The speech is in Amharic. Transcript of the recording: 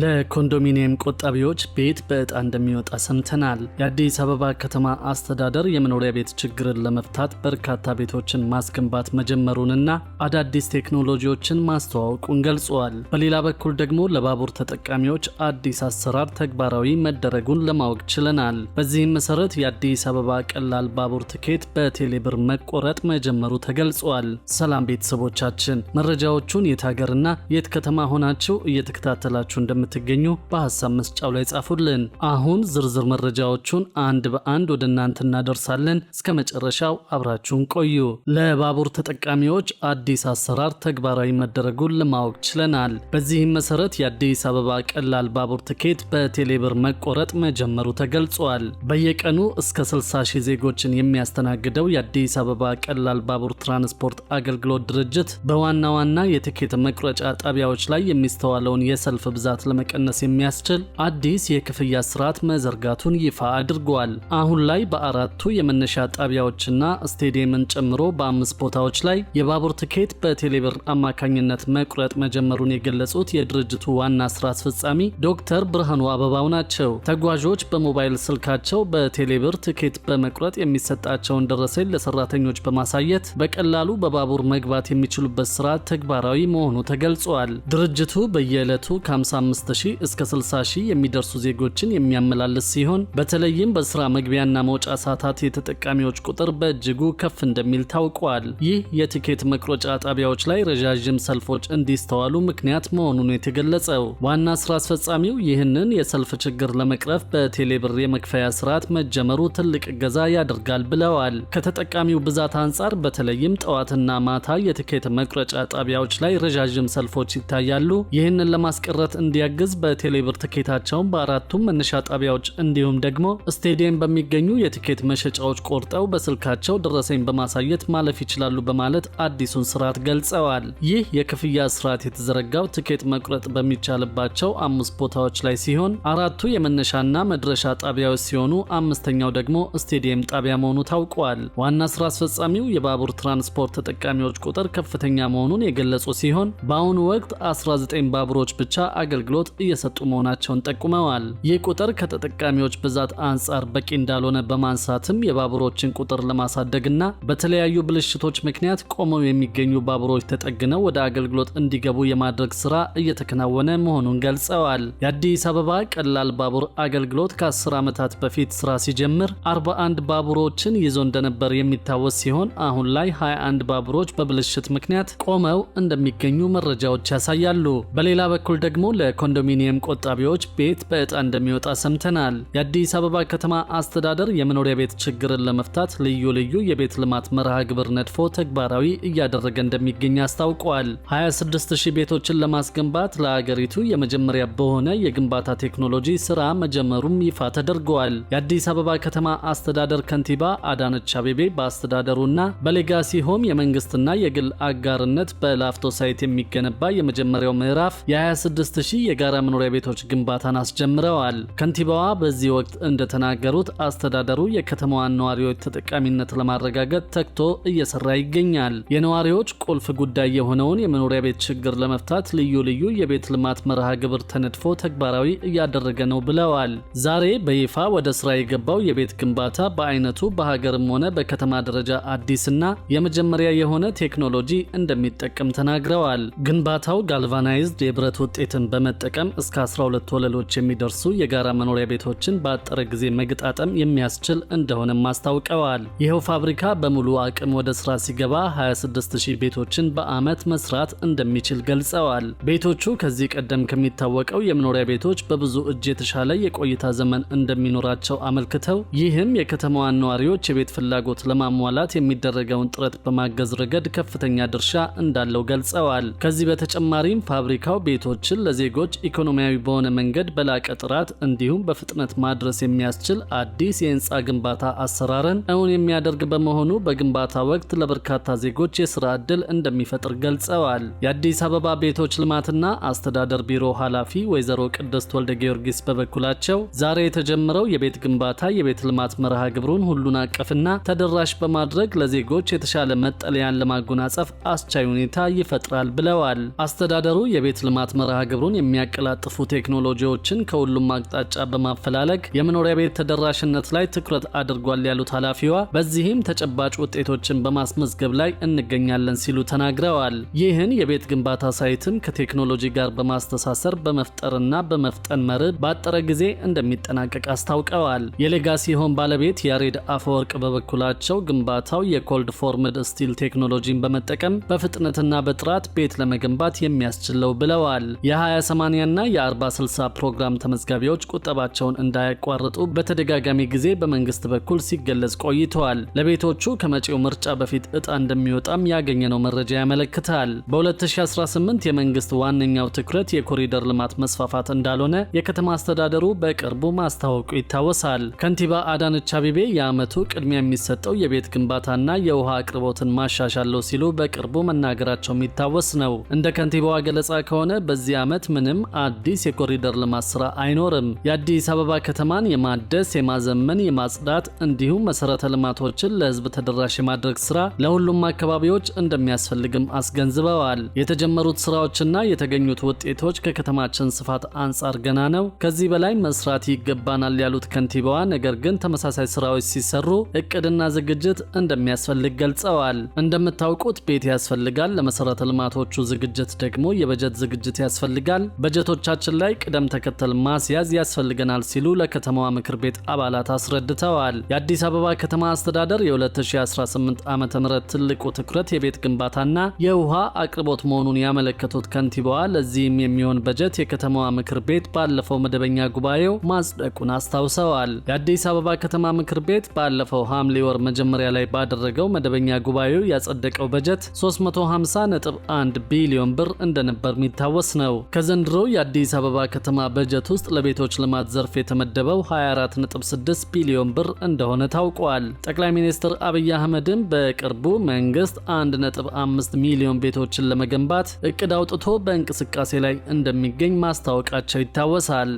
ለኮንዶሚኒየም ቆጣቢዎች ቤት በዕጣ እንደሚወጣ ሰምተናል። የአዲስ አበባ ከተማ አስተዳደር የመኖሪያ ቤት ችግርን ለመፍታት በርካታ ቤቶችን ማስገንባት መጀመሩንና አዳዲስ ቴክኖሎጂዎችን ማስተዋወቁን ገልጿል። በሌላ በኩል ደግሞ ለባቡር ተጠቃሚዎች አዲስ አሰራር ተግባራዊ መደረጉን ለማወቅ ችለናል። በዚህም መሰረት የአዲስ አበባ ቀላል ባቡር ትኬት በቴሌብር መቆረጥ መጀመሩ ተገልጿል። ሰላም ቤተሰቦቻችን፣ መረጃዎቹን የት ሀገርና የት ከተማ ሆናችሁ እየተከታተላችሁ እንደ እንደምትገኙ በሐሳብ መስጫው ላይ ጻፉልን። አሁን ዝርዝር መረጃዎቹን አንድ በአንድ ወደ እናንተ እናደርሳለን። እስከ መጨረሻው አብራችሁን ቆዩ። ለባቡር ተጠቃሚዎች አዲስ አሰራር ተግባራዊ መደረጉን ለማወቅ ችለናል። በዚህም መሰረት የአዲስ አበባ ቀላል ባቡር ትኬት በቴሌብር መቆረጥ መጀመሩ ተገልጿል። በየቀኑ እስከ 60 ሺህ ዜጎችን የሚያስተናግደው የአዲስ አበባ ቀላል ባቡር ትራንስፖርት አገልግሎት ድርጅት በዋና ዋና የትኬት መቁረጫ ጣቢያዎች ላይ የሚስተዋለውን የሰልፍ ብዛት ለመቀነስ የሚያስችል አዲስ የክፍያ ስርዓት መዘርጋቱን ይፋ አድርጓል። አሁን ላይ በአራቱ የመነሻ ጣቢያዎችና ስቴዲየምን ጨምሮ በአምስት ቦታዎች ላይ የባቡር ትኬት በቴሌብር አማካኝነት መቁረጥ መጀመሩን የገለጹት የድርጅቱ ዋና ስራ አስፈጻሚ ዶክተር ብርሃኑ አበባው ናቸው። ተጓዦች በሞባይል ስልካቸው በቴሌብር ትኬት በመቁረጥ የሚሰጣቸውን ደረሰኝ ለሰራተኞች በማሳየት በቀላሉ በባቡር መግባት የሚችሉበት ስርዓት ተግባራዊ መሆኑ ተገልጿል። ድርጅቱ በየዕለቱ ከ55 ከ5000 እስከ 60ሺህ የሚደርሱ ዜጎችን የሚያመላልስ ሲሆን በተለይም በስራ መግቢያና መውጫ ሰዓታት የተጠቃሚዎች ቁጥር በእጅጉ ከፍ እንደሚል ታውቋል። ይህ የቲኬት መቁረጫ ጣቢያዎች ላይ ረዣዥም ሰልፎች እንዲስተዋሉ ምክንያት መሆኑን የተገለጸው ዋና ስራ አስፈጻሚው ይህንን የሰልፍ ችግር ለመቅረፍ በቴሌብር የመክፈያ ስርዓት መጀመሩ ትልቅ እገዛ ያደርጋል ብለዋል። ከተጠቃሚው ብዛት አንጻር በተለይም ጠዋትና ማታ የትኬት መቁረጫ ጣቢያዎች ላይ ረዣዥም ሰልፎች ይታያሉ። ይህንን ለማስቀረት እንዲያ የሚያግዝ በቴሌብር ትኬታቸውን በአራቱም መነሻ ጣቢያዎች እንዲሁም ደግሞ ስቴዲየም በሚገኙ የትኬት መሸጫዎች ቆርጠው በስልካቸው ደረሰኝ በማሳየት ማለፍ ይችላሉ በማለት አዲሱን ስርዓት ገልጸዋል። ይህ የክፍያ ስርዓት የተዘረጋው ትኬት መቁረጥ በሚቻልባቸው አምስት ቦታዎች ላይ ሲሆን አራቱ የመነሻና መድረሻ ጣቢያዎች ሲሆኑ አምስተኛው ደግሞ ስቴዲየም ጣቢያ መሆኑ ታውቋል። ዋና ስራ አስፈጻሚው የባቡር ትራንስፖርት ተጠቃሚዎች ቁጥር ከፍተኛ መሆኑን የገለጹ ሲሆን በአሁኑ ወቅት 19 ባቡሮች ብቻ አገልግሎት አገልግሎት እየሰጡ መሆናቸውን ጠቁመዋል። ይህ ቁጥር ከተጠቃሚዎች ብዛት አንጻር በቂ እንዳልሆነ በማንሳትም የባቡሮችን ቁጥር ለማሳደግና በተለያዩ ብልሽቶች ምክንያት ቆመው የሚገኙ ባቡሮች ተጠግነው ወደ አገልግሎት እንዲገቡ የማድረግ ስራ እየተከናወነ መሆኑን ገልጸዋል። የአዲስ አበባ ቀላል ባቡር አገልግሎት ከ10 ዓመታት በፊት ስራ ሲጀምር 41 ባቡሮችን ይዞ እንደነበር የሚታወስ ሲሆን አሁን ላይ 21 ባቡሮች በብልሽት ምክንያት ቆመው እንደሚገኙ መረጃዎች ያሳያሉ። በሌላ በኩል ደግሞ ለ የኮንዶሚኒየም ቆጣቢዎች ቤት በዕጣ እንደሚወጣ ሰምተናል። የአዲስ አበባ ከተማ አስተዳደር የመኖሪያ ቤት ችግርን ለመፍታት ልዩ ልዩ የቤት ልማት መርሃ ግብር ነድፎ ተግባራዊ እያደረገ እንደሚገኝ አስታውቋል። 26000 ቤቶችን ለማስገንባት ለአገሪቱ የመጀመሪያ በሆነ የግንባታ ቴክኖሎጂ ስራ መጀመሩም ይፋ ተደርገዋል። የአዲስ አበባ ከተማ አስተዳደር ከንቲባ አዳነች አቤቤ በአስተዳደሩና በሌጋሲ ሆም የመንግስትና የግል አጋርነት በላፍቶ ሳይት የሚገነባ የመጀመሪያው ምዕራፍ የ26000 የጋራ መኖሪያ ቤቶች ግንባታን አስጀምረዋል። ከንቲባዋ በዚህ ወቅት እንደተናገሩት አስተዳደሩ የከተማዋን ነዋሪዎች ተጠቃሚነት ለማረጋገጥ ተግቶ እየሰራ ይገኛል። የነዋሪዎች ቁልፍ ጉዳይ የሆነውን የመኖሪያ ቤት ችግር ለመፍታት ልዩ ልዩ የቤት ልማት መርሃ ግብር ተነድፎ ተግባራዊ እያደረገ ነው ብለዋል። ዛሬ በይፋ ወደ ስራ የገባው የቤት ግንባታ በአይነቱ በሀገርም ሆነ በከተማ ደረጃ አዲስና የመጀመሪያ የሆነ ቴክኖሎጂ እንደሚጠቀም ተናግረዋል። ግንባታው ጋልቫናይዝድ የብረት ውጤትን በመጠ በመጠቀም እስከ 12 ወለሎች የሚደርሱ የጋራ መኖሪያ ቤቶችን በአጠረ ጊዜ መግጣጠም የሚያስችል እንደሆነም አስታውቀዋል። ይኸው ፋብሪካ በሙሉ አቅም ወደ ስራ ሲገባ 26000 ቤቶችን በዓመት መስራት እንደሚችል ገልጸዋል። ቤቶቹ ከዚህ ቀደም ከሚታወቀው የመኖሪያ ቤቶች በብዙ እጅ የተሻለ የቆይታ ዘመን እንደሚኖራቸው አመልክተው ይህም የከተማዋን ነዋሪዎች የቤት ፍላጎት ለማሟላት የሚደረገውን ጥረት በማገዝ ረገድ ከፍተኛ ድርሻ እንዳለው ገልጸዋል። ከዚህ በተጨማሪም ፋብሪካው ቤቶችን ለዜጎች ሰዎች ኢኮኖሚያዊ በሆነ መንገድ በላቀ ጥራት እንዲሁም በፍጥነት ማድረስ የሚያስችል አዲስ የህንፃ ግንባታ አሰራርን እውን የሚያደርግ በመሆኑ በግንባታ ወቅት ለበርካታ ዜጎች የስራ ዕድል እንደሚፈጥር ገልጸዋል። የአዲስ አበባ ቤቶች ልማትና አስተዳደር ቢሮ ኃላፊ ወይዘሮ ቅድስት ወልደ ጊዮርጊስ በበኩላቸው ዛሬ የተጀመረው የቤት ግንባታ የቤት ልማት መርሃ ግብሩን ሁሉን አቀፍና ተደራሽ በማድረግ ለዜጎች የተሻለ መጠለያን ለማጎናጸፍ አስቻይ ሁኔታ ይፈጥራል ብለዋል። አስተዳደሩ የቤት ልማት መርሃ ግብሩን የሚያ የሚያቀላጥፉ ቴክኖሎጂዎችን ከሁሉም አቅጣጫ በማፈላለግ የመኖሪያ ቤት ተደራሽነት ላይ ትኩረት አድርጓል ያሉት ኃላፊዋ በዚህም ተጨባጭ ውጤቶችን በማስመዝገብ ላይ እንገኛለን ሲሉ ተናግረዋል። ይህን የቤት ግንባታ ሳይትም ከቴክኖሎጂ ጋር በማስተሳሰር በመፍጠርና በመፍጠን መርህ ባጠረ ጊዜ እንደሚጠናቀቅ አስታውቀዋል። የሌጋሲ ሆም ባለቤት ያሬድ አፈወርቅ በበኩላቸው ግንባታው የኮልድ ፎርምድ ስቲል ቴክኖሎጂን በመጠቀም በፍጥነትና በጥራት ቤት ለመገንባት የሚያስችለው ብለዋል። የ28 ና የ40/60 ፕሮግራም ተመዝጋቢዎች ቁጠባቸውን እንዳያቋርጡ በተደጋጋሚ ጊዜ በመንግስት በኩል ሲገለጽ ቆይተዋል። ለቤቶቹ ከመጪው ምርጫ በፊት እጣ እንደሚወጣም ያገኘነው መረጃ ያመለክታል። በ2018 የመንግስት ዋነኛው ትኩረት የኮሪደር ልማት መስፋፋት እንዳልሆነ የከተማ አስተዳደሩ በቅርቡ ማስታወቁ ይታወሳል። ከንቲባ አዳነች አቤቤ የዓመቱ ቅድሚያ የሚሰጠው የቤት ግንባታና የውሃ አቅርቦትን ማሻሻለው ሲሉ በቅርቡ መናገራቸውም ይታወስ ነው። እንደ ከንቲባዋ ገለጻ ከሆነ በዚህ ዓመት ምንም አዲስ የኮሪደር ልማት ስራ አይኖርም። የአዲስ አበባ ከተማን የማደስ የማዘመን፣ የማጽዳት እንዲሁም መሰረተ ልማቶችን ለህዝብ ተደራሽ የማድረግ ስራ ለሁሉም አካባቢዎች እንደሚያስፈልግም አስገንዝበዋል። የተጀመሩት ስራዎችና የተገኙት ውጤቶች ከከተማችን ስፋት አንጻር ገና ነው፣ ከዚህ በላይ መስራት ይገባናል ያሉት ከንቲባዋ፣ ነገር ግን ተመሳሳይ ስራዎች ሲሰሩ እቅድና ዝግጅት እንደሚያስፈልግ ገልጸዋል። እንደምታውቁት ቤት ያስፈልጋል። ለመሰረተ ልማቶቹ ዝግጅት ደግሞ የበጀት ዝግጅት ያስፈልጋል። በጀቶቻችን ላይ ቅደም ተከተል ማስያዝ ያስፈልገናል ሲሉ ለከተማዋ ምክር ቤት አባላት አስረድተዋል። የአዲስ አበባ ከተማ አስተዳደር የ2018 ዓ ም ትልቁ ትኩረት የቤት ግንባታና የውሃ አቅርቦት መሆኑን ያመለከቱት ከንቲባዋ ለዚህም የሚሆን በጀት የከተማዋ ምክር ቤት ባለፈው መደበኛ ጉባኤው ማጽደቁን አስታውሰዋል። የአዲስ አበባ ከተማ ምክር ቤት ባለፈው ሐምሌ ወር መጀመሪያ ላይ ባደረገው መደበኛ ጉባኤው ያጸደቀው በጀት 350.1 ቢሊዮን ብር እንደነበር የሚታወስ ነው። ከዘንድሮ በዘንድሮው የአዲስ አበባ ከተማ በጀት ውስጥ ለቤቶች ልማት ዘርፍ የተመደበው 246 ቢሊዮን ብር እንደሆነ ታውቋል። ጠቅላይ ሚኒስትር አብይ አህመድም በቅርቡ መንግስት 1.5 ሚሊዮን ቤቶችን ለመገንባት እቅድ አውጥቶ በእንቅስቃሴ ላይ እንደሚገኝ ማስታወቃቸው ይታወሳል።